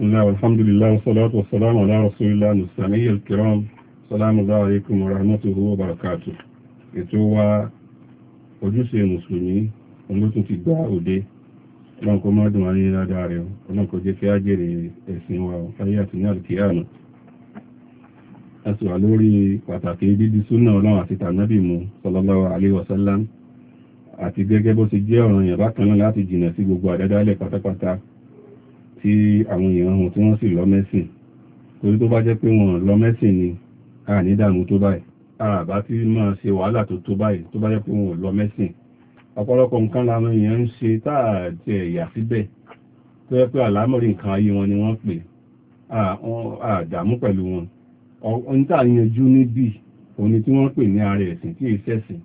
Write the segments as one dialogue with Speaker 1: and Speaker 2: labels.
Speaker 1: بسم الله والحمد لله والصلاة والسلام على رسول الله المستمعي الكرام السلام عليكم ورحمته وبركاته ètò wa ojúṣe mùsùlùmí olótún ti gbá òde ọlọ́nkọ mọ́dún wáyé ládàá rẹ̀ ọlọ́nkọ jẹ́ kí á jèrè ẹ̀sìn wa ọ̀fáyé àti ní àlùkíyàmù a sì wà lórí pàtàkì dídí súnà ọlọ́run àti tànábì mu sallallahu alaihi wasallam àti gẹ́gẹ́ bó ti jẹ́ ọ̀ranyàn bákan náà láti jìnà sí gbogbo àdádálẹ̀ pátápátá tí àwọn èèyàn wọn tí wọ́n sì lọ mẹ́sìn torí tó bá jẹ́ pé wọn lọ mẹ́sìn ni a ní dànù tó báyìí àbá tí máa ṣe wàhálà tó tó báyìí tó bá jẹ́ pé wọn lọ mẹ́sìn ọ̀pọ̀lọpọ̀ nǹkan làwọn èèyàn ń ṣe táàtì ẹ̀yà síbẹ̀ tó yẹ pé àlámọ̀rí nǹkan ayé wọn ni wọ́n pè àdàmú pẹ̀lú wọn ohun tá à ń yanjú níbí òní tí wọ́n pè ní ààrẹ ẹ̀sìn tí ìṣẹ̀sìn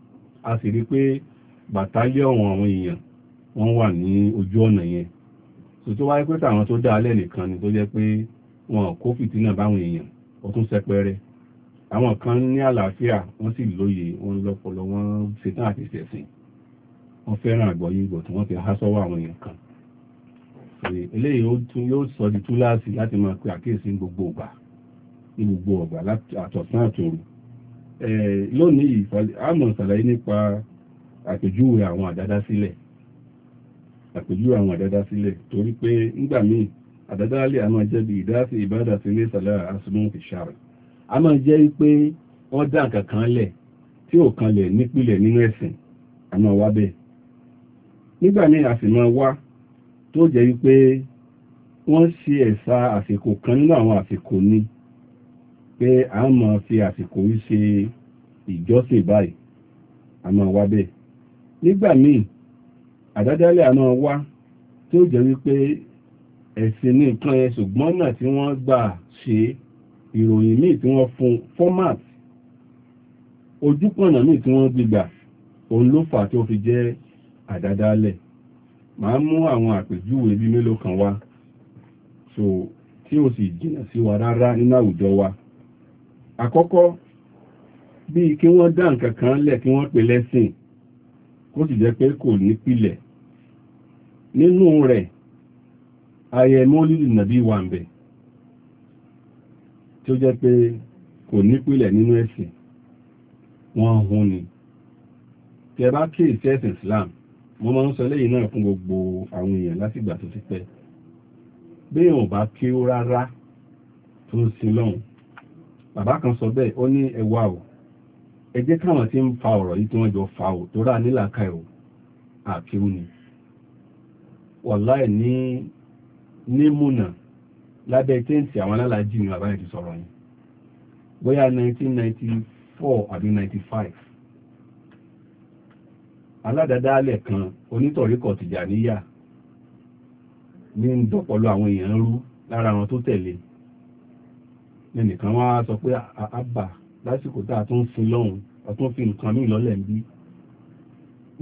Speaker 1: a sì rí pé bàtálíọ̀n àwọn èèyàn wọ́n wà ní ojú ọ̀nà yẹn tó tó wáyé pé tàwọn tó dá alẹ́ nìkan ni tó jẹ́ pé wọn kó fìtínà báwọn èèyàn ó tún sẹpẹrẹ àwọn kan ní àlàáfíà wọ́n sì lóye wọn lọ́pọlọ wọn ṣetán àti ṣẹ̀sìn wọ́n fẹ́ràn àgbọ́yé ìgbò tí wọ́n fi há sọ́wọ́ àwọn èèyàn kan eléyìí yóò sọ di túláàsì láti máa pe àkíyèsí gbogbo ọgbà ní gbogbo ọgbà àtọ̀sán àtòrò lónìí àmọ̀ ìsàlàyé nípa àpèjúwe àwọn àdádásílẹ̀ àpèjú àwọn àdádá sílẹ̀ torí pé ńgbà míì àdádá alẹ́ a máa jẹ́ bí ìdásí ìbádà sí ilé ìsàlá àsùnmọ́ ìṣàrà a máa jẹ́ pé wọ́n dá nǹkan kan lẹ̀ tí ò kanlẹ̀ nípìlẹ̀ nínú ẹ̀sìn a máa wá bẹ́ẹ̀ nígbà míì a sì máa wá tó jẹ́ wípé wọ́n ṣe ẹ̀sà àsìkò kan nínú àwọn àsìkò ni pé a máa fi àsìkò yìí ṣe ìjọsìn báyìí a máa wá bẹ́ẹ̀ nígbà míì àdádálẹ̀ àná wá tí ó jẹ́ wípé ẹ̀sìn ní nǹkan ẹ̀ ṣùgbọ́n náà tí wọ́n gbà ṣe ìròyìn míì tí wọ́n fún format ojúkọ̀nà míì tí wọ́n gbígbà òun ló fà tó fi jẹ́ àdádálẹ̀ màá mú àwọn àpèjúwe bí mélòó kan wá so tí ó sì jìnà sí wa rárá nínú àwùjọ wa àkọ́kọ́ bíi kí wọ́n dá nǹkan kan lẹ̀ kí wọ́n pè lẹ́sìn kó sì jẹ́ pé kò nípìlẹ̀ nínú rẹ̀ ayẹ mọ́lìdì nàbí wà ń bẹ̀ tí ó jẹ́ pé kò nípìlẹ̀ nínú ẹ̀sìn wọ́n hun ni tí ẹ bá kíyèsí ẹ̀sìn Islam wọ́n máa ń sọ lẹ́yìn náà fún gbogbo àwọn èèyàn látìgbà tó ti pẹ́ béèyàn ò bá kí ó rárá tó ń sin lọ́hùn bàbá kan sọ bẹ́ẹ̀ ó ní ẹwà o ẹ jẹ́ káwọn tí ń fa ọ̀rọ̀ yìí tí wọ́n jọ fa o tó rà nílàkà o àkíú ni wàláì ní nímúnà lábẹ́ tẹ́ǹtì àwọn alálàájì ni bàbá yẹn ti sọ̀rọ̀ yẹn bóyá 1994 àbí 95 aládàdálẹ̀ kan onítọ̀ríkọ̀ Tìjàníyà ní ń dọ̀pọ̀lọ àwọn èèyàn rú lára àwọn tó tẹ̀lé nìkan wá sọ pé àbà lásìkò tá a tún fi lọ́hùn a tún fi nǹkan míì lọ́lẹ̀ ń bí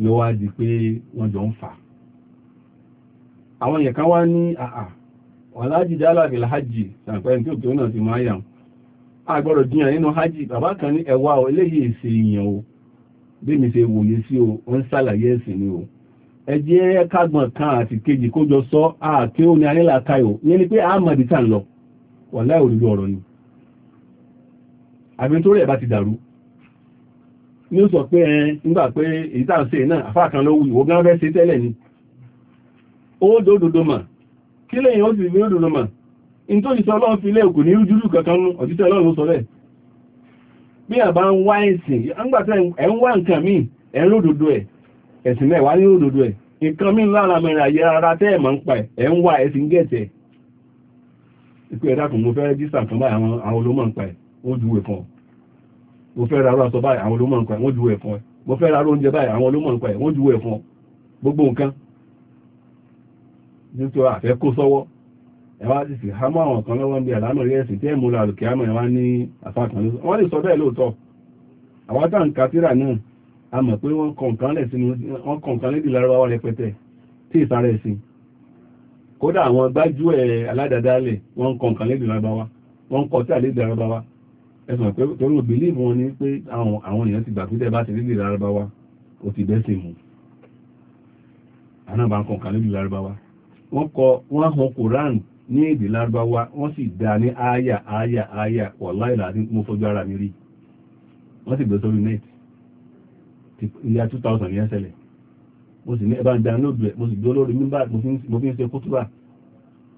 Speaker 1: ló wá di pé wọ́n jọ ń fà á àwọn èèyàn kan wá ní àà wà lájìdá alábìlá hajj sàpẹ́ni tí òkè náà ti máa yàn agbọ́dọ̀ jiyàn nínú hajj bàbá kan ní ẹwà o eléyìí èsè èèyàn o bí mi ṣe wòye sí o ó ń ṣàlàyé ẹ̀sìn ni o ẹ jẹ́ kágbọ̀n kan àti kejì kó jọ sọ àti ó ní anílà káyò yẹn ni pé àmàdì tà ń lọ wà láì òdodo ọ̀rọ̀ ni àbí torí ẹ̀ bá ti dàrú ní ó sọ pé ẹ nígbà pé èyí tá ń ṣe náà àfáà kan ló ìwọ gán fẹ́ ṣe tẹ́lẹ̀ ni òdòdó ma kí lẹ́yìn ó sì ní òdòdó ma in tó ṣiṣẹ́ ọlọ́run fi lẹ́ òkú ní kankan nú ọlọ́run sọ rẹ̀ bí àbá ń wá ẹ̀sìn ẹ̀ ń wá nǹkan ń ẹ̀ ẹ̀sìn mẹ́wà ní ródòdó ẹ̀ nǹkan lára mẹ́rin ara tẹ́ ẹ̀ máa ń pa ẹ̀ ń wá ẹ̀sìn gẹ̀ẹ́tẹ̀ mo fẹ́ kan báyìí àwọn olómọ̀ ẹ̀ wọ́n fún ọ mo fẹ́ nítorí àfẹ́ kó sọ́wọ́ ẹwà ti sì hámọ́ àwọn kan lọ́wọ́ ń bí àlámọ̀ rí ẹ̀sìn tí ẹ̀mú làlùkẹ́ àmọ̀ ẹ̀wà ní àfàkàn ló wọ́n lè sọ bẹ́ẹ̀ lóòótọ́ àwọn tá ń ka tírà náà a mọ̀ pé wọ́n kọ̀ǹkan lẹ̀ sínú wọ́n kọ̀ǹkan lédè lárúbáwá rẹpẹtẹ tí ìsáré ẹ̀sìn kódà àwọn gbájú ẹ̀ aládàdálẹ̀ wọ́n kọ̀ǹkan lédè lárúbáwá wọ́n kọ̀ tí àlédè lárúbáwá ẹ̀sùn pé torí òbílíìfù wọn ni pé àwọn èèyàn ti gbà pé tẹ́ bá ti lédè lárúbáwá ó ti bẹ́sìn mu àná bá ń kọ̀ǹkan lédè lárúbáwá wọ́n kọ wọ́n hàn koran ní èdè lárúbáwá wọ́n sì dá ní àyà àyà àyà wàláhì láti mo fojú ara mi rí wọ́n sì gbé sórí net ìyá 2000 yẹn ṣẹlẹ̀ mo sì ní ẹbá ń download rẹ̀ mo sì gbé olórí mímbà mo fi ń ṣe kútúbà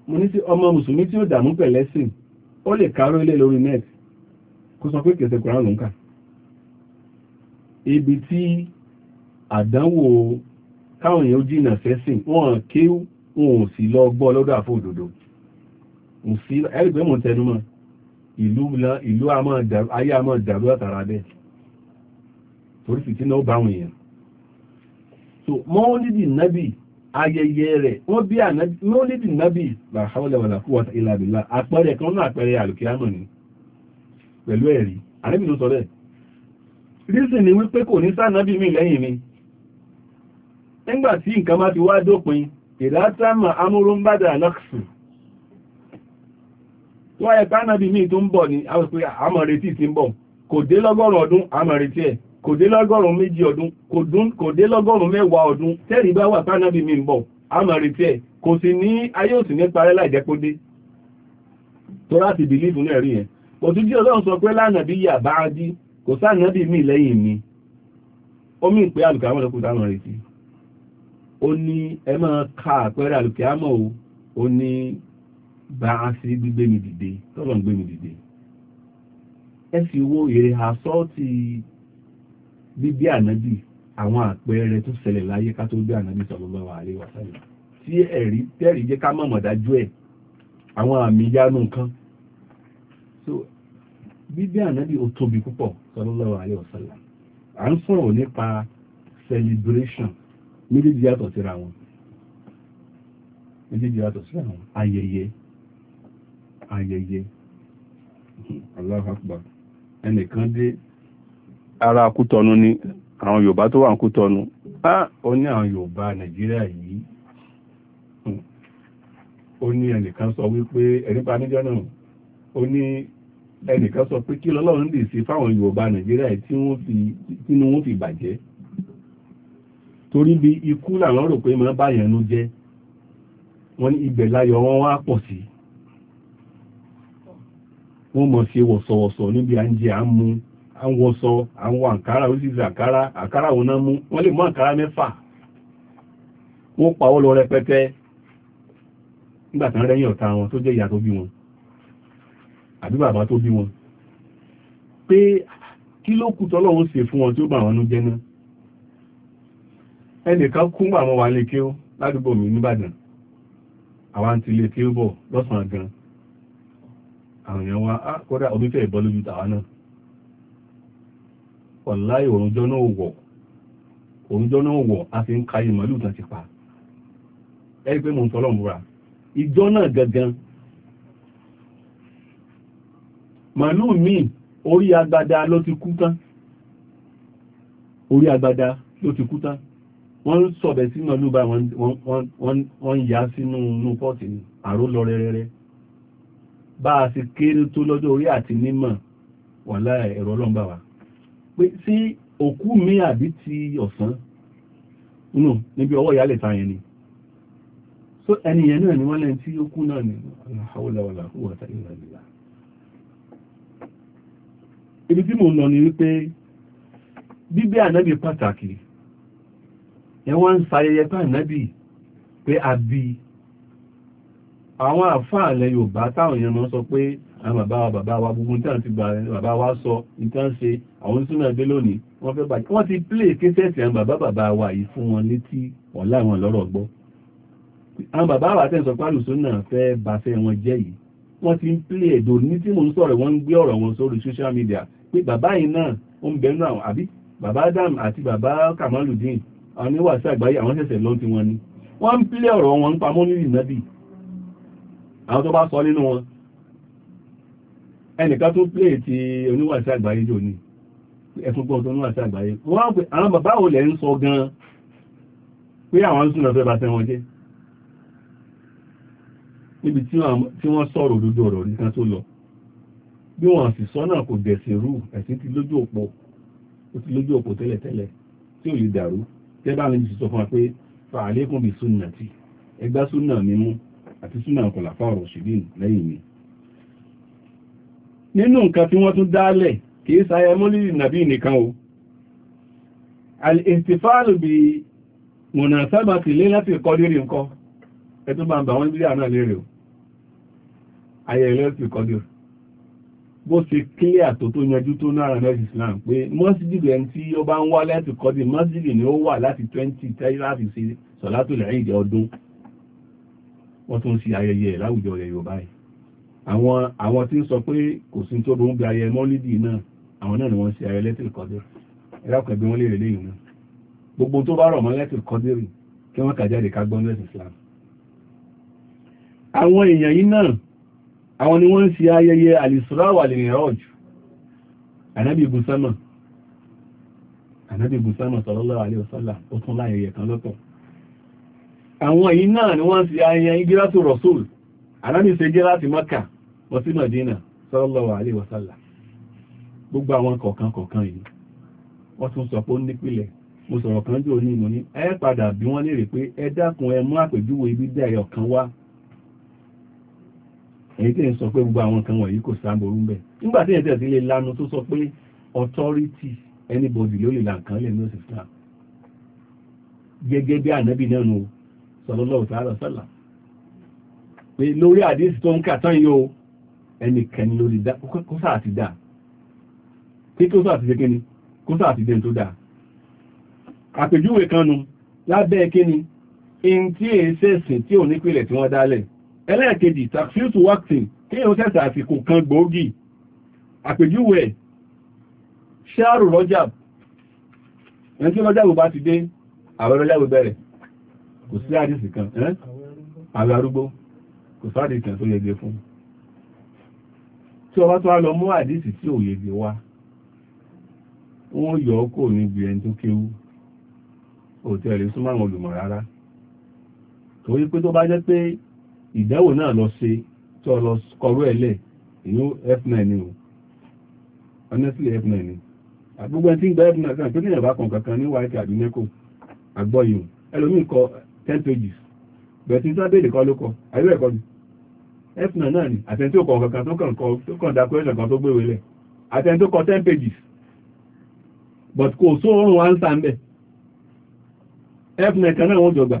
Speaker 1: mo ní sí ọmọ mùsùlùmí tí ó dààmú pẹ̀lẹ́sìn ó lè káró ilé lórí net kó sọ pé kèsè koran ló ń kà ibi tí àdánwò káwọn èèyàn jìnà fẹ́sìn wọ́n kéwú wọn ò sì lọ gbọ́ lọ́dọ̀ àfọ́ òdodo ẹgbẹ́ mọ̀ tẹnumọ́ ìlú ayé a máa dàrú àtàrà bẹ́ẹ̀ torí sì tí náà bá wọn èèyàn so mọ́lídì nábì ayẹyẹ rẹ̀ wọ́n bí mọ́lídì nábì la hawla wala quwwata illa billah àpẹẹrẹ kan náà àpẹẹrẹ àlùkíyàmọ̀ ni pẹ̀lú ẹ̀rí àrẹ́bì ló sọ bẹ́ẹ̀ rísì ni wípé kò ní sáà nábì mi lẹ́yìn mi nígbà tí nǹkan bá ti wá dópin ìlátàmà amúrún bádà lọ́kùsù wọ́n ẹ̀ká náàbí ní tó ń bọ̀ ní àmọ̀rètí ti ń bọ̀ kò dé lọ́gọ́rùn ọdún àmọ̀rètí ẹ̀ kò dé lọ́gọ́rùn méjì ọdún kò dé lọ́gọ́rùn mẹ́wàá ọdún tẹ́rì bá wà kánáàbí mi ń bọ̀ àmọ̀rètí ẹ̀ kò sì ní ayé òsì ní parẹ́ láìjẹ́pódé tó láti bìlífù náà rí yẹn kò tún jí ọlọ́run sọ pé lánàbí yà bá á dí kò sáànàbí mi lẹ́yìn mi ó mì pé àlùkà àwọn ọlọ́kùnrin ó ní ẹ máa ka àpẹẹrẹ àlùkè àmọ́ o ó ní bá a sí dìde tọ́lọ̀ ń dìde ẹ sì wo èrè àsọ́ọ̀tì bíbí ànábì àwọn àpẹẹrẹ tó sẹlẹ̀ láyé ká tó bí ànábì sallallahu alaihi wasallam tí ẹ̀rí tẹ́rì jẹ́ ká mọ̀mọ̀ dájú ẹ̀ àwọn àmì yánú nǹkan so bíbí ànábì ó tóbi púpọ̀ sallallahu alaihi wasallam à ń sọ̀rọ̀ nípa méjèèjì yàtọ̀ síra wọn méjèèjì yàtọ̀ síra wọn ayẹyẹ ayẹyẹ Allahu Akbar ẹnìkan dé ara kútọnu ni àwọn Yorùbá tó wà ń kútọnu á ó ní àwọn Yorùbá Nàìjíríà yìí ó ní ẹnìkan sọ wípé ẹ̀rípa níjọ́ náà ó ní ẹnìkan sọ pé kí lọ́lọ́run lè ṣe fáwọn Yorùbá Nàìjíríà tí wọ́n fi bàjẹ́ torí bí ikú làwọn rò pé máa bá yẹn nú jẹ́ wá pọ̀ sí wọ́n mọ̀ sí wọ̀sọ̀wọ̀sọ̀ níbi à ń jẹ à ń à ń à ń wọ àǹkárá àǹkárá àǹkárá òun náà mú wọ́n lè mú àǹkárá mẹ́fà wọ́n pawọ́ lọ rẹpẹtẹ rẹ́yìn wọn tó jẹ́ ìyá tó bí wọn àbí bàbá tó bí wọn pé kí ló kù tọ́lọ́run ṣe fún wọn tí ó ẹnìkan kú mọ́ àwọn wà lè kí ó ládùúgbò mi nìbàdàn àwọn ti lè kí ó bọ̀ lọ́sàn wa á ah, kọ́dà omi fẹ́ ìbọ́ lójú tàwa náà wàláì òrùnjọ́ náà wọ̀ òrùnjọ́ náà wọ̀ a fi ń ka ìmọ̀lú ti pa egbe pé mo ń tọ́lọ̀ múra ìjọ náà gangan míì orí agbada ló ti kú tán wọ́n sọ̀bẹ̀ sínú ọlúbà wọ́n yá sínú inú pọ́ọ̀tì ní àró lọ rẹ̀rẹ̀rẹ̀ bá a sì kéré tó lọ́jọ́ orí àti nímọ̀ wà láì ẹ̀rọ ọlọ́mbà wa pé sí òkú mi àbí ti ọ̀sán nù níbi ọwọ́ ìyálẹ̀ ta yẹn ni so ẹniyẹn ni wọ́n lẹ́yìn tí ó kú náà ni aláhàwọ́láwọ́lá wà mo lọ ni wípé bíbẹ́ pàtàkì ẹwọ́n ń sayẹyẹ pàànàbì pé a bí àwọn àfáà lẹ Yorùbá táwọn èèyàn máa sọ pé àwọn bàbá wa bàbá wa gbogbo tí wọ́n ti gbà bàbá wa sọ nǹkan ṣe àwọn súnmọ́ ẹgbẹ́ lónìí wọ́n fẹ́ bàjẹ́ wọ́n ti plé kéṣẹ́ẹ̀tì àwọn bàbá bàbá wa yìí fún wọn létí ọ̀la àwọn lọ́rọ̀ gbọ́ àwọn bàbá wa tẹ́ ń sọ pálùsọ náà fẹ́ bàfẹ́ wọn jẹ́ yìí wọ́n ti ń plé èdò ní tí mò ń sọ̀rọ̀ wọ́n ń gbé ọ̀rọ̀ wọn sórí social media pé bàbá yìí náà ó ń bẹnu àwọn àbí bàbá Adam àti bàbá Kamaludin àwọn oníwà sí àgbáyé àwọn ṣẹ̀ṣẹ̀ lọ́n tí wọ́n ní wọ́n ń pílẹ̀ ọ̀rọ̀ wọn ń pamọ́ nílì nábì àwọn tó bá sọ nínú wọn ẹnìkan tó pílẹ̀ ti oníwà sí àgbáyé jò ní ẹ̀fúngbọ́n tó oníwà sí àgbáyé wọ́n pè àwọn bàbá ò lẹ́ ń sọ gan pé àwọn ń súnà fẹ́ bá tẹ́ wọn jẹ́ níbi tí wọ́n sọ̀rọ̀ òdodo ọ̀rọ̀ nìkan tó lọ bí wọ́n sì sọ náà kò dẹ̀sìn rú ẹ̀sìn ti lójú òpó tẹ́lẹ̀tẹ́lẹ̀ tí ò lè dàrú tẹ́bà ní jù sọ fún pé fa àlékún bí súnà tí ẹgbá súnà mi mú àti súnà kọlà fáwọ̀ ṣùgbìn lẹ́yìn mi nínú nǹkan tí wọ́n tún dálẹ̀ kìí sáyẹ mọ́lìlì nàbí nìkan o al-istifalu bí mọ̀nà sábà ti lé láti kọ́ lérí nǹkan ẹtún bá wọ́n bí àná lérè o ayẹyẹ lẹ́sìn bó ṣe clear tó tó yanjú tó náà rẹ̀ islam pé mọ́sídìdì ẹni tí ó bá ń wá láti kọ́dí mọ́sídìdì ni ó wà láti 20 tẹ́lá láti ṣe sọ̀látò lẹ́yìn ìdẹ ọdún wọ́n tún ṣe ayẹyẹ láwùjọ rẹ̀ Yorùbá yìí àwọn tí ń sọ pé kò sí tó burú bí ayẹyẹ mọ́lídì náà àwọn náà ni wọ́n ṣe ayẹyẹ lẹ́tìl kọ́dí ẹ̀rákùn ẹgbẹ́ wọn lè rè lẹ́yìn náà gbogbo tó bá rọ̀ mọ́ lẹ́tìl kọ́dí rì kí wọ́n kà jáde ká gbọ́n lẹ́sìn Islam àwọn èèyàn yìí náà àwọn ni wọ́n ń ṣe ayẹyẹ al-Isra wal-Mi'raj ànábì ibùsánmà ànábì ibùsánmà sallallahu alaihi wasallam àwọn yìí náà ni wọ́n ń ayẹyẹ Rasul gbogbo àwọn kọ̀ọ̀kan yìí wọ́n tún sọ pé mo sọ̀rọ̀ kan jò ní ní padà bí wọ́n lè pé ibi dẹ̀ ọ̀kan wá èyí tí ń sọ pé gbogbo àwọn kan wọ̀nyí kò sáàbòrú mbẹ̀ nígbà tí ẹ̀tẹ̀ sí lè lanu tó sọ pé authority anybody ló lè là nǹkan lè ní òsì islam gẹ́gẹ́ bí ànábì náà nù sallallahu ta'ala sọ́là pé lórí àdísì tó ń kà tán yóò ẹnikẹ́ni lórí kó sáà ti dáa pé kó sáà ti ṣe kíni kó sáà ti dẹ́n tó dáa àpèjúwe kan nu lábẹ́ kíni in tí èé sẹ̀sìn tí ò nípìnlẹ̀ tí wọ́n dálẹ̀ ẹlẹ́ẹ̀kejì tafsirtu waqtin kí èyàn sẹ́sà àsìkò kan gbòógì àpèjúwe ṣáàrù rọ́jàb ẹni tí rọ́jàb bá ti dé àwẹ̀ rọ́jàb bẹ̀rẹ̀ kò sí àdìsì kan àwẹ̀ arúgbó kò sáàdì kan tó yege fún tí ọba tó wá lọ mú àdìsì tí ò yege wá wọ́n yọ ọkọ̀ níbi ẹni tó kéwú òtẹ́ẹ̀lì súnmọ́ àwọn olùmọ̀ rárá torí pé tó bá jẹ́ pé ìdáwò náà lọ ṣe tó lọ kọrú ẹ̀lẹ̀ inú f9 ni o honestly f9 ni àgbogbo ẹni tí ń gba f9 kan tó níyànbá kan kankan ní white àbí neco àgbọ̀yìn ẹlòmíì kọ 10 pages bẹ̀tí sábẹ́lì kọ́ ló kọ ayé ẹ̀kọ́ ni f9 náà ni àtẹni tó kọ kankan tó kàn kọ tó kàn dá question kan tó gbéwèé lẹ̀ àtẹni tó kọ 10 pages but kò sóorun wá ń sá ń bẹ̀ f9 kan náà wọ́n jọ gbà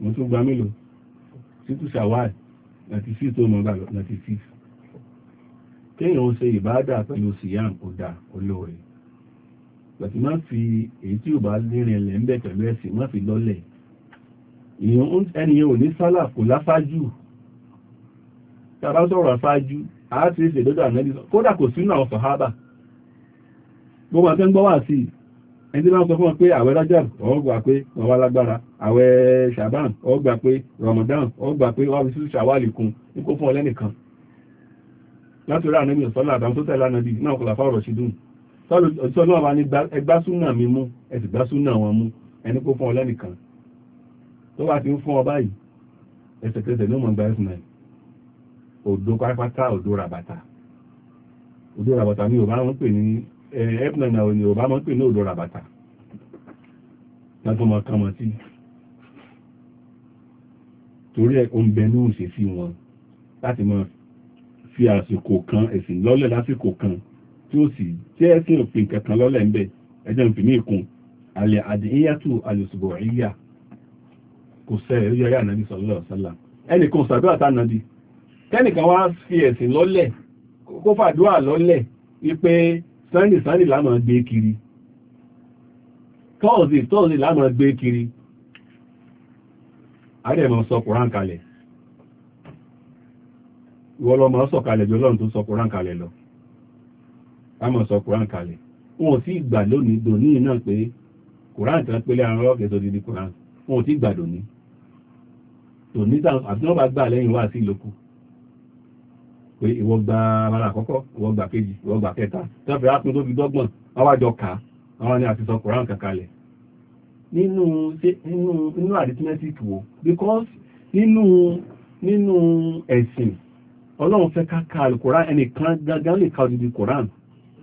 Speaker 1: mo tún gba mélòó títú ṣàwáì láti sí tó mọ́ gbàlọ́ láti sí kéèyàn ó ṣe ìbáàdà pẹ̀lú síyàn kò dá olóore láti má fi èyí tí ò bá lérin ẹ̀lẹ̀ ń bẹ̀ pẹ̀lú ẹ̀sìn má fi lọ́lẹ̀ ènìyàn ò ní sálà kò láfájú tàbá sọ̀rọ̀ àfájú àá ti ṣèdọ́dọ̀ àmẹ́lì kódà kò sínú àwọn sàhábà gbogbo àtẹ́gbọ́wà sí i ẹni máa sọ fún ọ pé àwẹ̀ rajab ọgbà pé wọn wá lágbára àwẹ̀ shaban ọgbà pé ramadan ọgbà pé wọn fi sí ṣàwálì kun ní kó fún ọlẹ́nìkan láti rà níbi ìsọ́lá àtàwọn tó tẹ̀lé ànàbì náà kọlà fáwọ̀rọ̀ sí dùn ọ̀tọ́ náà wà ní ẹgbá súnà mi mú ẹ̀sì gbá súnà wọn mú ẹni kó fún ọlẹ́nìkan tó wà ti ń fún ọ báyìí ẹsẹ̀kẹsẹ̀ ló pè ní ẹ̀ẹ́pìnà òní ò bá mọ́ pé náà lọ́ra bàtà látọ́mọ kánmọ́ sí torí ẹ̀ o ń bẹ ní òṣè sí wọn láti mọ́ fi àsìkò kan ẹ̀sìn lọ́lẹ̀ lásìkò kan tí ó sì jẹ́ ẹ̀sìn òfin kankan lọ́lẹ̀ ń bẹ ẹjọ́ ń fi ní ìkun alẹ́ àdìyàtù alùsùbọ̀ ìyà kò sẹ́ ẹ̀rí ọyá ànábì sọ̀lọ́ ọ̀sálà ẹnìkan sàdúrà tánàbì kẹ́nìkan wá fi ẹ̀sìn lọ́lẹ̀ kó fàdúrà lọ́lẹ̀ wípé sunday sunday lámọ̀ gbé kiri thursday thursday lámọ̀ gbé kiri àdẹ̀mọ̀ sọ kùrán kalẹ̀ wọ́lọ́mọ sọ kalẹ̀ jọ lọ́run tó sọ kùrán kalẹ̀ lọ lámọ̀ sọ kùrán kalẹ̀ wọn ò sí ìgbà lónìí dòní náà pé kùrán tán pélé àwọn ọlọ́kẹ́ tó di kùrán wọn ò sí ìgbà dòní tòní àti wọ́n bá gbà lẹ́yìn wá sí ìlókù pé ìwọ gba ara àkọ́kọ́ ìwọ gba kejì ìwọ gba kẹta tẹ́fẹ̀ẹ́ ápín tó fi dọ́gbọ̀n awájọ ká àwọn ni àti sọ koran kankalẹ̀ nínú nínú arithmetic wo because nínú nínú ẹ̀sìn ọlọ́run fẹ́ ká ka alukoran ẹnìkan gangan lè ka odidi koran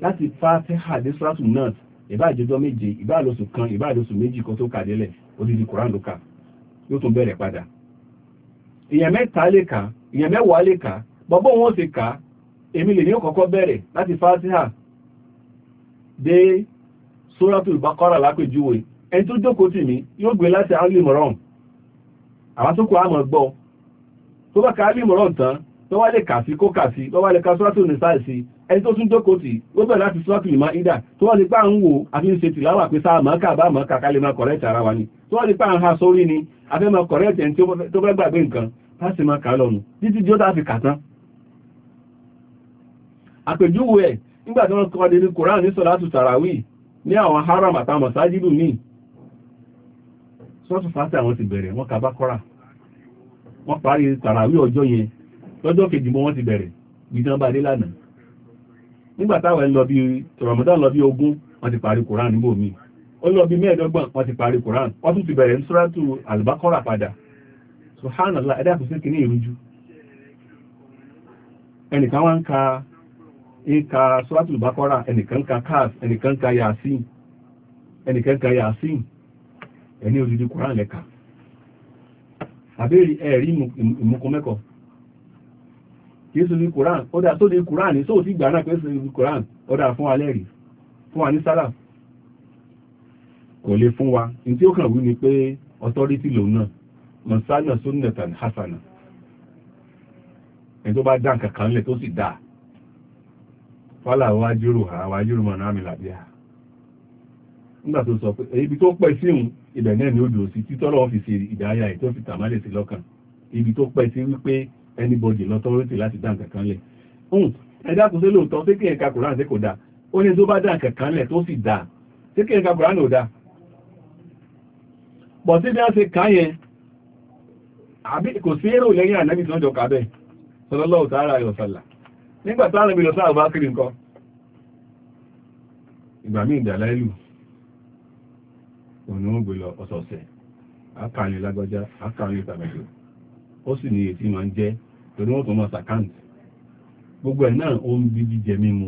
Speaker 1: láti fa fẹ́ hàdé sọ́ràtù náà ìbá àjọjọ́ méje ìbá àlọ́sùn kan ìbá àlọ́sùn méjì kan tó kàdélẹ̀ odidi koran ló ka yóò tún bẹ̀rẹ̀ padà èèyàn mẹ́ta lè kà èèyàn mẹ́wàá lè kà gbogbo wọn ti kà èmi lè ní ọkọ̀kọ́ bẹ̀rẹ̀ láti fatiha dé suratul baqara lápèjúwe ẹni tó jókòó tì mí yóò gbé láti alimoran àwọn tó gbọ́ tó bá ka alimoran tán tó wá lè kà sí kó kà sí lọ́wọ́ lè ka suratul nisa sí ẹni tó tún jókòó tì ó bẹ̀rẹ̀ láti suratul maida tó wá lè pa ń wò àfi ń pé sáà mọ́ká bá ha sórí ni afẹ́ máa àpèjúwe ẹ̀ nígbà tí wọ́n kọ́ dé ní koran ní sọ́látù tàràwì ní àwọn haram àtàmọ̀ sájídù ní sọ́tù fásitì àwọn ti bẹ̀rẹ̀ wọ́n kaba kọ́ra wọ́n parí tàràwì ọjọ́ yẹn lọ́jọ́ kejì mọ́ wọ́n ti bẹ̀rẹ̀ gbìdán bá dé lánàá nígbà táwọn lọ bí Ramadan lọ bí ogún wọ́n ti parí koran níbò mi ó lọ bí mẹ́ẹ̀ẹ́dọ́gbọ̀n wọ́n ti ẹnìkan wá ń ka ìka ẹnìkan ka kaf ẹnìkan ka yasin ẹnìkan ka yasin ẹni òdìdí koran lẹ́ka àbẹ́rí ẹ̀rí ìmúkọmẹ́kọ̀ kìí sọ ní koran ọdá tó gbà náà pẹ́ sọ ní koran ọdá fún alẹ́ fún wa ní sálà fún wa ní tí ó kàn ni pé authority lòun náà mọ̀sánà hasana ẹni tó bá dá nǹkan kan lẹ̀ tó fálà wájúrò àwájúrò mọ̀nà àmì làbíà nígbà tó sọ pé ibi tó pẹ́ sí òun ibẹ̀ náà ni ó dùn sí títọ́rọ̀ fi ṣe fi tàmálẹ̀ sí ibi tó pẹ́ sí wípé anybody lọ́tọ́rọ́tì láti dá nǹkan kan lẹ̀ ẹ̀dá kò sí lóòótọ́ tí kí ẹ̀ka kòrán sí kò dáa ó ní tó bá dá nǹkan kan lẹ̀ tó sì dáa tí kí ẹ̀ka ò dáa bọ̀ ṣe kàn yẹn àbí nígbà na àrùn ìlọsán àbá kiri nǹkan ìgbà mí ìdàlá ìlú òun ó gbé lọ ọ̀sọ̀ọ̀sẹ̀ àkàrin lágbájá àkàrin ìtàgbàjò ó sì ní ètí máa ń jẹ́ torí wọ́n tó máa sàkáǹtì gbogbo ẹ̀ náà ó ń bí jíjẹ mímu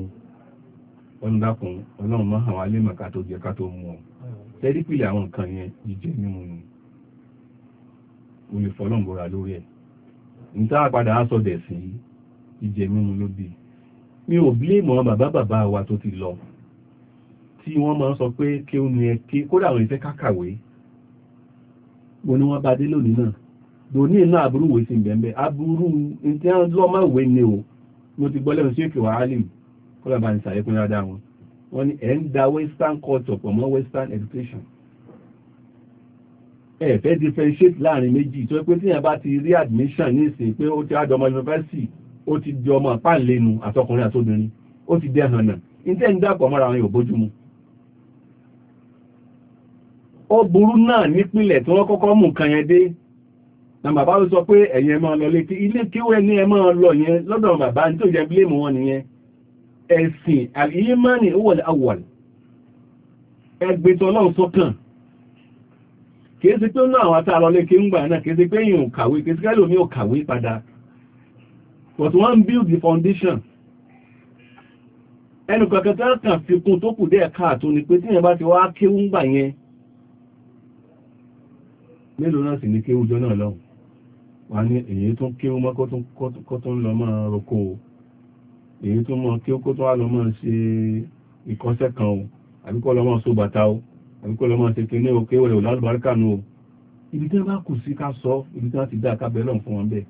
Speaker 1: ọdún dákun ọlọ́run máa hàn wá lé màkà tó jẹ ká tó mú ọ tẹ́rí pìlẹ̀ àwọn nǹkan yẹn jíjẹ mímu ni olùfọlọ́ǹbọ̀ra lórí ẹ̀ níta padà á sọ dẹ̀ sí ìjẹ̀mímu ló bí mi ò blame wọn bàbá bàbá wa tó ti lọ tí wọ́n máa ń sọ pé kí ó ní ẹ kí kódà àwọn ìfẹ́ kákàwé mo ní wọ́n bá dé lónìí náà lò ní iná aburú wo sí bẹ̀m̀bẹ̀ aburú tí wọ́n lọ́mọ ìwé ni o mo ti gbọ́ lẹ́nu sí èkè wàhálì kódà bá ń sàyẹ́kún dáadáa wọn wọ́n ní ẹ̀ ń da western culture pọ̀ mọ́ western education ẹ̀fẹ́ differentiate láàrin méjì tó pé tí yẹn bá ti rí admission ní ìsìn pé ó ti àdọmọ university ó ti di ọmọ páàlénu àtọkùnrin àtobìnrin ó ti di hànà níta ń ndị mọ́ra àwọn yóò bójúmu ó burú náà nípìnlẹ̀ tí wọ́n kọ́kọ́ mú nǹkan yẹn dé na bàbá ló sọ pé ẹ̀yin ma lọ létí ilé kíwẹ́ ní ẹ lọ yẹn lọ́dọ̀ bàbá ní tó bílẹ̀mù wọn nìyẹn ẹ̀sìn ẹgbẹ̀tọ̀ sọ́kàn kìí pé àwọn atá lọ lé kí ń gbà náà kìí pé ò kàwé but one build the foundation ẹnu kankan tó kàn fi kún tó kù dẹ́ẹ̀ káàtó ni pé tíyẹn bá ti wá kéwú ń gbà yẹn mélòó náà sì ní kéwú jọ náà lọ́hùn wà ní èyí tó kéwú mọ́ kó tó ń lọ máa roko èyí tó mọ́ kéwú kó tó wá lọ máa ṣe ìkọ́sẹ́ kan o àbí kó lọ máa so bàtà o àbí kó lọ máa ṣe kíní o kéwú rẹ̀ ò lálùbáríkà nù o ibi tí wọ́n bá kù sí ká sọ ibi tí wọ́n ti dá kábẹ́ lọ́hùn fún wọn bẹ́ẹ̀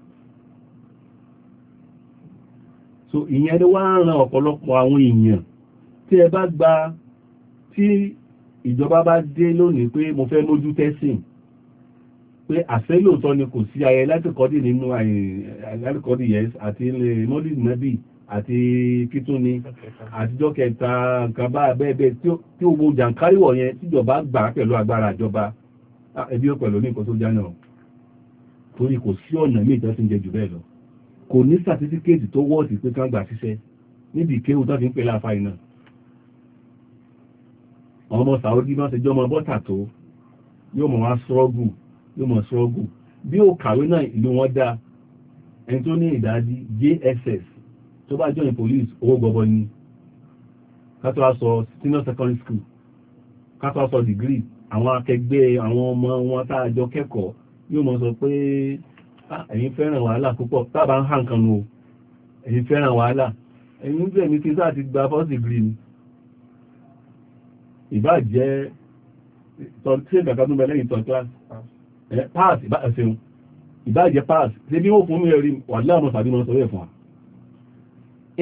Speaker 1: so ìyẹn ló wá ń ran ọ̀pọ̀lọpọ̀ àwọn èèyàn tí ẹ bá gba tí ìjọba bá dé lónìí pé mo fẹ́ mójú tẹ́sìn pé àṣẹ lóòótọ́ ni kò sí ayẹ látìkọ́dì nínú látìkọ́dì yẹn àti ilẹ̀ mọ́lìdì nábì àti kítúni àtijọ́ kẹta nǹkan bá bẹ́ẹ̀bẹ́ẹ̀ tí ó gbogbo jàǹkáríwọ̀ yẹn tíjọba gbà pẹ̀lú agbára ìjọba ah, ẹbí ó ní nǹkan tó jáná torí kò sí ọ̀nà míì tó ń jẹ jù bẹ́ẹ̀ lọ kò ní sàtífíkèètì tó wọ́ọ̀dì pé kán gbà síṣẹ́ níbi ìkéwù tó fi ń pèlè àfa iná ọmọ sàódì bá ṣe jọmọ bọ́tà tó yóò mọ̀ wá sọ́ọ̀gù yóò mọ̀ sọ́ọ̀gù bí ó kàwé náà ìlú wọn dá ẹni tó ní ìdájí JSS tó bá join police owó gọbọ ni kátó wá sọ senior secondary school kátó wá sọ degree àwọn akẹgbẹ́ àwọn ọmọ wọn tá a jọ kẹ́kọ̀ọ́ yóò mọ̀ sọ pé Ah, ẹ̀yin fẹ́ràn wàhálà púpọ̀ tábà ń hàn kan nù o ẹ̀yin fẹ́ràn wàhálà ẹ̀yin ń bẹ̀mí tí sáà ti gba first degree ni ìbá jẹ́ tí ìgbà kan tó bẹ lẹ́yìn third pass ìbá ẹ̀sìn ìbá jẹ́ pass ṣe bí wọ́n fún mi ẹ̀rí wà láàmú tàbí mọ́ sọ́wọ́ ẹ̀fún wa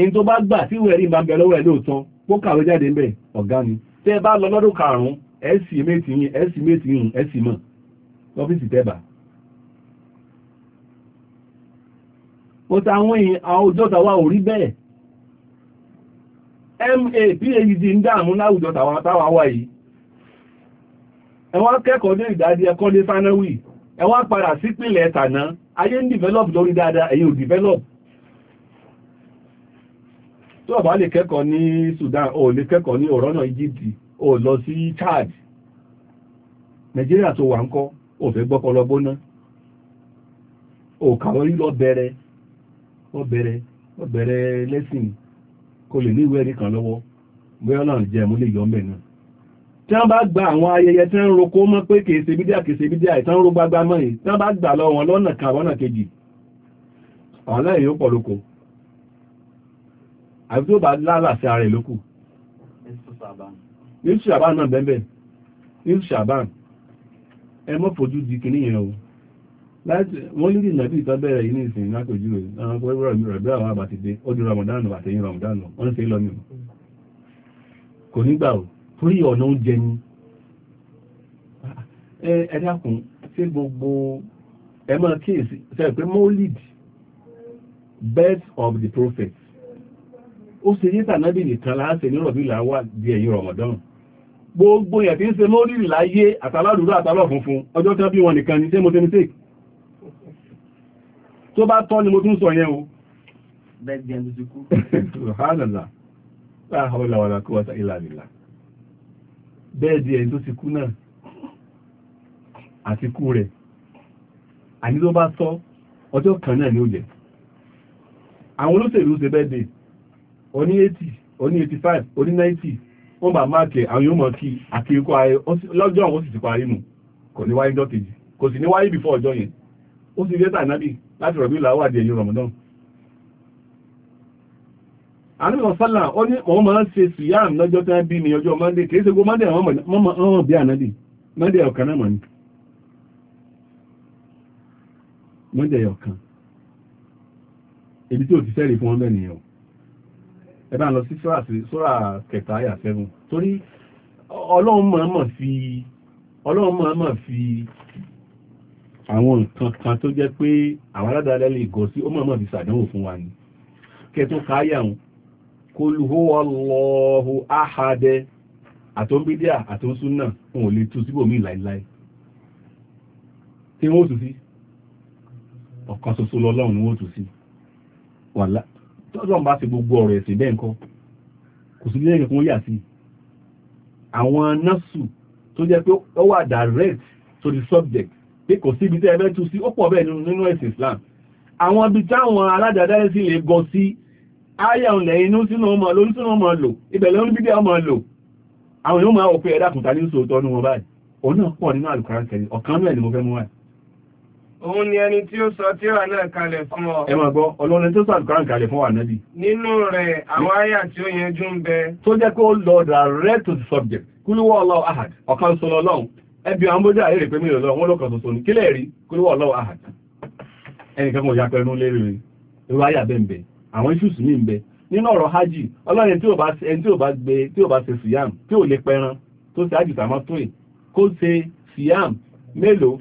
Speaker 1: in tó bá gbà tí ìwé ẹ̀rí máa ń bẹ lọ́wọ́ ẹ̀ lóòótọ́ kó kàwé jáde ń bẹ̀ ọ̀gá ni tẹ́ bá lọ lọ́dún karùn òta àwọn àwùjọ tàwa ò rí bẹ́ẹ̀ maphd e ń dáàmú láwùjọ tàwa táwa wà yìí ẹ wá kẹ́kọ̀ọ́ dé ìdádí ẹkọ́ dé fánáwì ẹ padà sípìlẹ̀ tàná ayé ń develop lórí dáadáa èyí ò develop tó ọ̀bá lè kẹ́kọ̀ọ́ ní Sudan ò lè kẹ́kọ̀ọ́ ní ọ̀rọ̀ náà ò lọ Chad nigeria tó wà ń kọ́ ò fẹ́ gbọ́kọ́ lọ gbóná lọ bẹ̀rẹ̀ wọ́n bẹ̀rẹ̀ wọ́n bẹ̀rẹ̀ lẹ́sìn kò lè ní ìwé ẹ̀rí kan lọ́wọ́ bóyá ọlọ́run jẹ́ mú lè yọ mẹ́nu tí wọ́n bá gba àwọn ayẹyẹ tí wọ́n roko mọ́ pé kèsè bídíà kèsè bídíà ìtàn ro gbagba mọ́ yìí tí wọ́n bá gbà lọ wọn lọ́nà kan lọ́nà kejì àwọn aláìyẹ ó pọ̀ lóko àbí tó bá lálàsí ara ẹ̀ lókù yusuf shaban náà bẹ́ẹ̀ bẹ́ẹ̀ yusuf shaban ẹ wọ́n ní ìnàbí ìtọ́bẹ̀rẹ̀ yìí ní ìsìn látòjú rẹ̀ àwọn pẹ́bẹ̀rẹ̀ mi rẹ̀ bí àwọn àbàtìdé ó di ramadanu àtẹ̀yìn ramadanu wọ́n ṣe lọ mìíràn kò nígbà ò torí ọ̀nà oúnjẹ ni ẹ dákun ṣé gbogbo ẹ máa kíyèsí ṣe pé molid birth of the prophet ó ṣe yí tànábì nìkan láàṣẹ ní rọ̀bí làwà di ẹ̀yìn ramadan gbogbo yẹn tí ń ṣe molid láyé àtàládùúrà àtàlọ́ funfun ọjọ́ tán bí wọn nìkan ni ṣé mo ṣe tó bá tọ́ ni mo tún sọ yẹn o bẹ́ẹ̀dì ẹni tó ti kú náà àti kú rẹ̀ àní tó bá tọ́ ọjọ́ kan náà ni ó jẹ́ àwọn olóṣèlú ṣe bẹ́ẹ̀dì oní 80 oní 85 oní 90 wọ́n bá máàkì àwọn yóò mọ̀ kí àti ikú ayé lọ́jọ́ àwọn ó sì ti parí nù kò ní wáyé jọ́ kejì kò sì ní wáyé before ọjọ́ yẹn ó sì rẹ́ta ìnábì láti rọ̀bí làwàdì ẹ̀yìn Ramadan A àníwọ̀ sálà ó ní wọ́n máa ń ṣe síyàm lọ́jọ́ tán bí ní ọjọ́ Monday kìí ṣe gbó Monday àwọn ọmọ bí ànádì Monday ọ̀kan náà mọ̀ ní Monday ọ̀kan ibi tí ò ti fẹ́rí fún wọn bẹ́ẹ̀ nìyẹn ẹ bá lọ sí sóra kẹta àyà sẹ́gun torí ọlọ́run máa mọ̀ fi ọlọ́run máa mọ̀ fi àwọn nǹkan kan tó jẹ́ pé àwọn aládàálẹ̀ lè gọ̀ sí ó mọ̀mọ̀ bí sàdánwò fún wa ni kẹtún káyà wọn kul huwa Allahu ahad àtọ́nbídíà àtọ́nsúnà wọn ò lè tú síbò mí láìláì tí wọ́n tù sí ọ̀kan ṣoṣo lọ́lọ́run wọ́n tù sí wàlá tọ́lọ́run bá ṣe gbogbo ọ̀rọ̀ ẹ̀sìn bẹ́ẹ̀ ńkọ́ kò sí lẹ́yìn kún yà sí àwọn nọ́ọ̀sù tó jẹ́ pé ó wà direct to the subject pé kò síbi tẹ́ ẹgbẹ́ tú sí ó pọ̀ bẹ́ẹ̀ nínú ẹ̀sìn Islam àwọn ibi táwọn aládàádáyé sí lè gọ sí ayé ọ̀nà inú sínú ọmọ lórí sínú ọmọ lò ibẹ̀ lórí bídẹ́ ọmọ lò àwọn yóò máa wọ pé ẹ̀dá kùtà ní sòótọ́ nú wọn báyìí òun náà pọ̀ nínú àlùkárán kẹrin ọ̀kan náà ni mo fẹ́ mú wáyìí
Speaker 2: òun ni ẹni tí ó sọ tírà náà kalẹ̀ fún ọ. ẹ máa
Speaker 1: gbọ́ ọlọ́run tó sọ àlùkáràn kalẹ̀ fún wa nábì.
Speaker 2: nínú rẹ̀ àwọn àyà tí ó yẹn
Speaker 1: to the subject kúlúwọ́ ọlọ́run ahad ọ̀kan sọ̀rọ̀ ọlọ́run ẹbí àwọn bójá èrè pé mílò lọ́wọ́ lọ́kàn tó tóní kílẹ̀ rí kó wọ́ lọ́wọ́ àhàjá ẹnìkan mọ̀ yàpẹ̀ ẹnu lérí rí irú ayà bẹ́ẹ̀ àwọn issues ní bẹ nínú ọ̀rọ̀ hajj ọlọ́rin tí ò bá ẹni tí ò bá gbé tí ò bá ṣe siam tí ò lè pẹran tó ṣe hajj sàmọ́ tó ì kó ṣe siam mélòó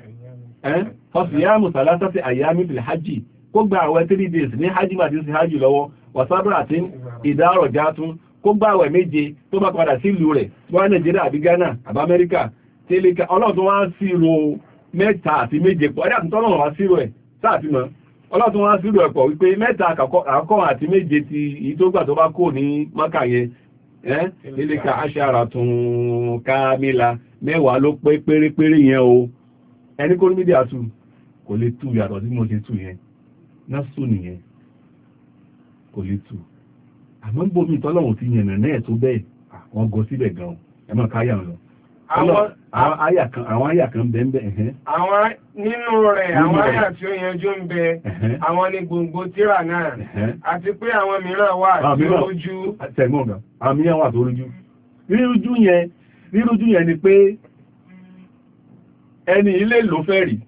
Speaker 1: ẹ́n fa siam sàlátà sí àyàmì fil hajj kó gba àwẹ̀ three days ní hajj bá ti ṣe hajj lọ́wọ́ wàsábà àti ìdárọ̀ tún kó gba àwẹ̀ méje tó bá padà sílùú rẹ̀ wá nàìjíríà àbí ghana àbá amẹ́ríkà tẹ́lẹ̀kẹ́ ọlọ́tún wá ń sírò mẹ́ta àti méje pọ̀ ẹ̀rẹ́ tó lọ́wọ́ wá sírò ẹ̀ sáàfí mọ́ ọlọ́tún wá sírò ẹ̀ pọ̀ wípé mẹ́ta àkọ́kọ́ àti méje ti èyí tó gbà tó bá ní mọ́kà yẹn tẹ́lẹ̀kẹ́ kámílà mẹ́wàá ló pé pérépéré yẹn o ẹni kó ní mídíà kò lè yàtọ̀ tí mo ṣe nìyẹn kò lè àmọ́ ti tó bẹ́ẹ̀ wọ́n gọ síbẹ̀ gan-an
Speaker 2: àwọn
Speaker 1: àyà kan ń ẹ̀hẹ́.
Speaker 2: àwọn nínú rẹ̀ àwọn àyà tí ó ń bẹ àwọn ni gbogbo tíra náà àti pé àwọn mìíràn wà tí ó rújú.
Speaker 1: tó
Speaker 2: rújú rírújú yẹn
Speaker 1: ni pé ẹni ilé lò fẹ́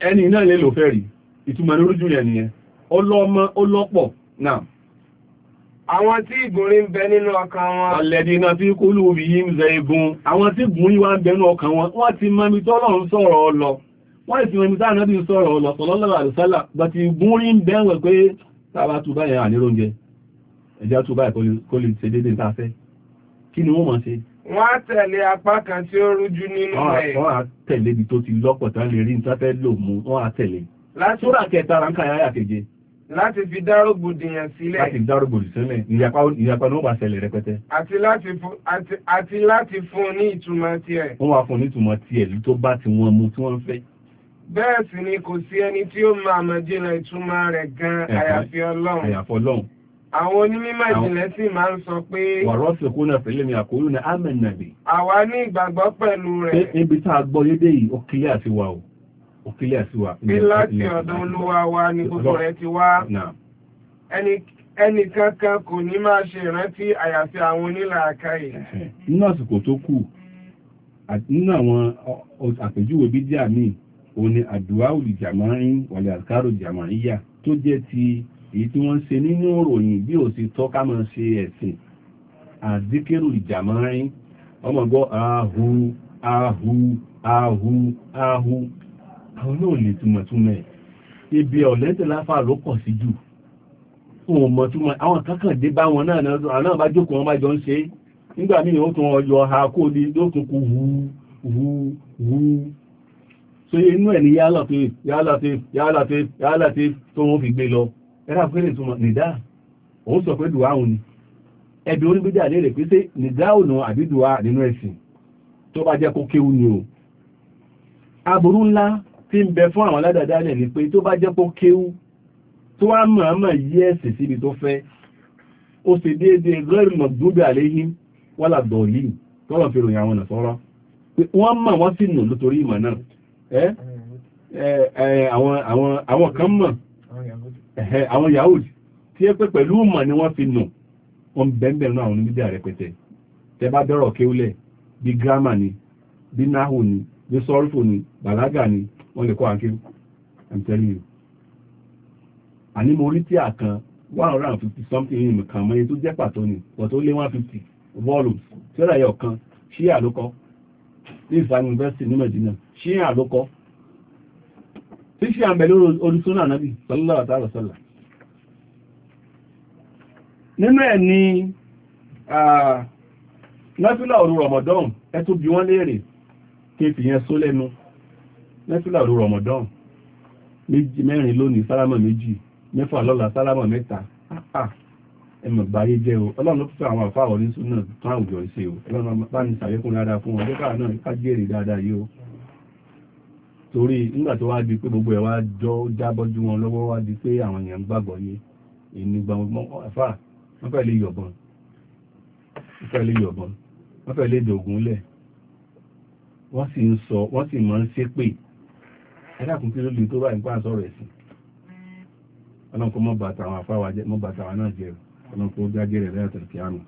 Speaker 2: ẹni iná ilé lò yẹn àwọn tí ìgúnrí ń bẹ nínú ọkàn wọn alẹ́dínà tí kúlù bí yí ń zẹ igun àwọn tí gùn yíwá ń bẹ nínú ọkàn wọn wọ́n ti mọ ibi tọ́lọ́run sọ̀rọ̀ ọlọ wọ́n ìsinmi ibi
Speaker 1: táà náàbí sọ̀rọ̀ ọlọ sallallahu alaihi wasallam bàtí gúnrí ń bẹ wẹ̀ pé tàbá túbá yẹn àníróúnjẹ ẹjá túbá ẹ̀ kó lè ṣe déédéé ta fẹ́ kí ni wọ́n mọ̀ sí
Speaker 2: wọ́n tẹ̀lé apá kan tí ó rújú nínú ẹ̀. wọ́n á tẹ̀lé láti fi dárògbòdìyàn sílẹ̀.
Speaker 1: láti dárògbòdì sílẹ̀ ìyapa ló wà ṣẹlẹ̀ rẹpẹtẹ.
Speaker 2: àti láti fún un ní ìtumọ̀ tiẹ̀.
Speaker 1: wọ́n wá fún un ní ìtumọ̀ tiẹ̀ tó bá ti wọn mu tí wọ́n ń fẹ́.
Speaker 2: bẹ́ẹ̀ sì ni kò sí ẹni tí ó máa mọ̀ jìnà ìtumọ̀ rẹ̀ gan àyàfi ọlọ́run. àyàfi ọlọ́run. àwọn onímọ̀ ìjìnlẹ̀ sì máa ń sọ pé. wàrọ̀
Speaker 1: sì kó náà fẹ́lẹ́ mi àkóró náà ámẹ̀ nàbì. àwa a gbọ́ yédè yìí ó kílẹ̀ àti wà kò kílẹ̀ sí wa. bí láti ọ̀dọ̀ olúwa wa ni gbogbo rẹ̀ ti wá
Speaker 2: ẹnì kankan kò ní máa ṣe ìrántí àyàfi àwọn onílàákàyè.
Speaker 1: nínú àsìkò tó kù nínú àwọn àpèjúwe bídíà míì òun ni àdúrà olùjàmáyín wàlẹ̀ àkárò jàmáyíyà tó jẹ́ ti èyí tí wọ́n ṣe nínú ìròyìn bí ò sí tọ́ máa ṣe ẹ̀sìn àdíkérò ìjàmáyín ọmọ gbọ́ ahu ahu ahu ahu àwọn náà lè túmọ̀ túmọ̀ ẹ̀ ibi ọ̀lẹ́tẹ̀ láfà ló pọ̀ sí jù òun mọ̀ túmọ̀ àwọn kankan dé bá wọn náà náà bá jókòó wọn bá jọ ń ṣe nígbà míì ó tún ọyọ ha kó ní ló tún kú wú wú wú so inú ẹ̀ ní yálà tó yálà tó yálà tó yálà tó tó wọn fi gbé lọ ẹ̀rá pé lè túmọ̀ nìdá òun sọ pé dùá òun ni ẹbí onígbèjà lè rè pé sí nìdá òun àbí dùá nínú ẹ̀sìn tó bá jẹ́ kó kéwú ni o aburú ńlá tí ń bẹ fún àwọn aládàdálẹ̀ ni pé tó bá jẹ́ pó kéwú tó wá mọ̀ọ́mọ̀ yí ẹ̀sìn síbi tó fẹ́ ó sì déédéé gẹ́rù nà gbúgbẹ́ àléhìn wọ́n là dọ̀ọ̀lì tọ́lọ̀ fi ròyìn àwọn nàṣọ́rọ́ pé wọ́n mọ̀ wọ́n sì nù lótorí ìmọ̀ náà ẹ́ àwọn kan mọ̀ àwọn Yahudi tí é pé pẹ̀lú mọ̀ ni wọ́n fi bí gírámà ni bí náhù ni bí sọ́rífò ni bàlágà ni wọ́n lè kọ́ àǹkí i'm telling you àní mo rí tí a kan one hundred fifty something in kan mọ́ iye tó jẹ́ pàtó ni but ó lé one fifty volumes tí ó rà yẹ ọ̀kan ṣíà ló ní ìfàní university ní Medina ṣíà ló kọ́ tí ṣíà ń bẹ lórí orísúnà náà bí sallallahu alaihi wasallam nínú ẹ̀ ni nọ́fílà òru Ramadan ẹ tó bí wọ́n léèrè kí n fìyẹn só lẹ́nu nẹ́fìlà ló rọmọdán méjì mẹ́rin lónìí sálámà méjì mẹ́fà lọ́la sálámà mẹ́ta ah, ah. ẹmọ̀ báyé jẹ́ o ọlọ́run ló fẹ́ àwọn àfáà orí súnà tán àwùjọ ìṣe o ọlọ́run bá ní sàlékún dáadáa fún wọn lẹ́kàá náà ká jèrè dáadáa yìí o torí nígbà tó wá di pé gbogbo ẹ̀ wá jọ jábọ́jú wọn lọ́wọ́ wá di pé àwọn èèyàn gbàgbọ́ yé èyí gbàgbọ́ àfáà wọ́n fẹ́ lè yọ̀bọ̀n wọ́n fẹ́ lè yọ̀bọ̀n wọ́n fẹ́ lè dògúnlẹ̀ wọ́n sì ń sọ wọ́n sì máa ń ṣépè ẹ̀dàkùn kí ló lè tó bá ìpá sọ̀rọ̀ ẹ̀sìn ọlọ́nkọ mọ́ bàtà àwọn afáwà jẹ́ mọ́ bàtà àwọn náà jẹ́ ọlọ́nkọ jágẹ́ rẹ̀ lẹ́yàtọ̀ kí á nù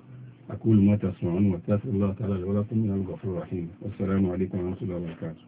Speaker 1: akúlù mọ́ta sùn àwọn ọ̀tá sí lọ́tà lọ́lọ́kùnrin
Speaker 2: alùgbọ̀fọ́ rahim wassalamu alaikum warahmatullahi wabarakatuh